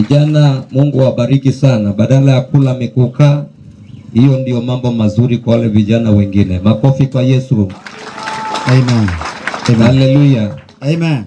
Vijana, Mungu awabariki sana. Badala ya kula mikuka, hiyo ndio mambo mazuri kwa wale vijana wengine. Makofi kwa Yesu. Amen. Amen. Hallelujah. Amen.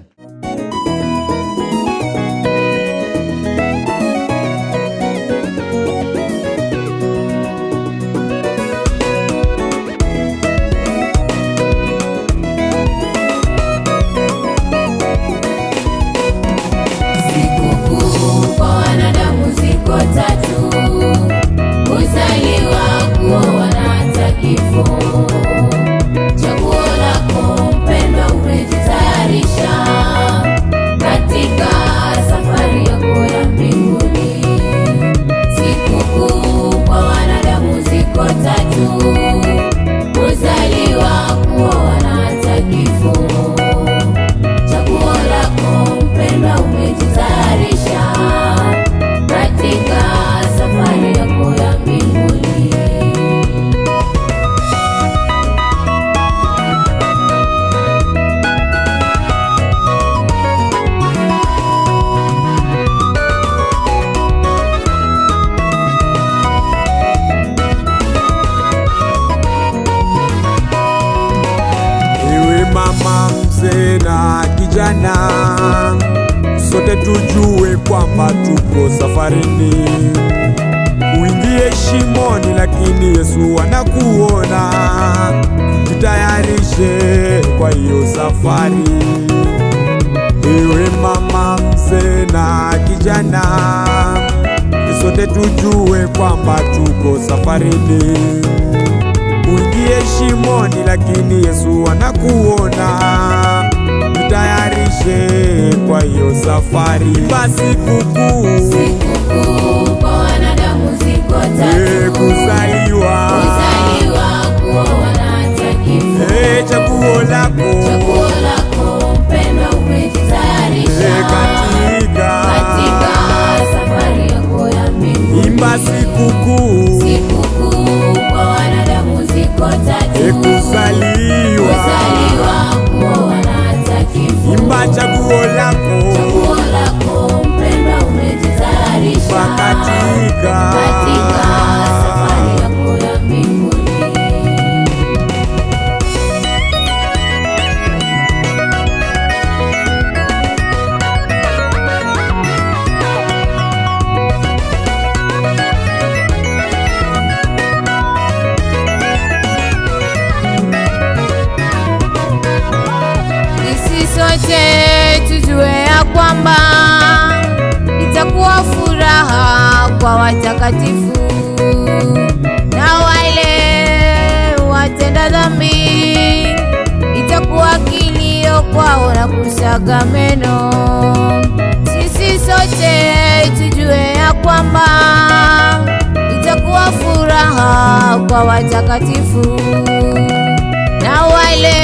sote tujue kwamba tuko safarini, uingie shimoni, lakini Yesu anakuona. Jitayarishe kwa hiyo safari, ewe mama, mzee na kijana, sote tujue kwamba tuko safarini, uingie shimoni, lakini Yesu anakuona nitayarishe kwa hiyo safari basi kuku wote tujue ya kwamba itakuwa furaha kwa watakatifu na wale watenda dhambi itakuwa kilio kwao na kusaga meno. Sisi sote tujue ya kwamba itakuwa furaha kwa watakatifu na wale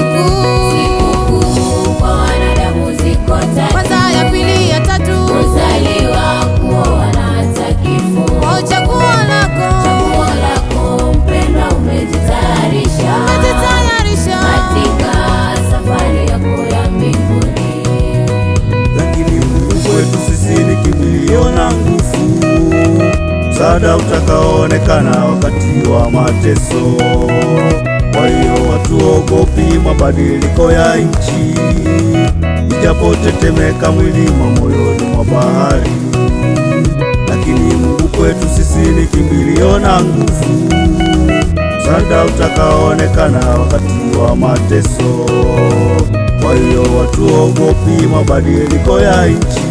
msaada utakaoonekana wakati wa mateso. Kwa hiyo hatuogopi mabadiliko ya nchi, ijapotetemeka mwili mwa moyoni mwa bahari, lakini Mungu kwetu sisi ni kimbilio na nguvu, msaada utakaoonekana wakati wa mateso. Kwa hiyo hatuogopi mabadiliko ya nchi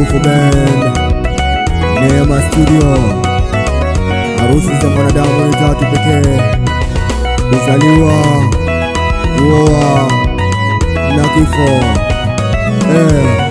Mkufu Band, Neema Studio, harusi za mwanadamu ni tatu pekee: kuzaliwa, kuoa na kifo. Hey. Eh.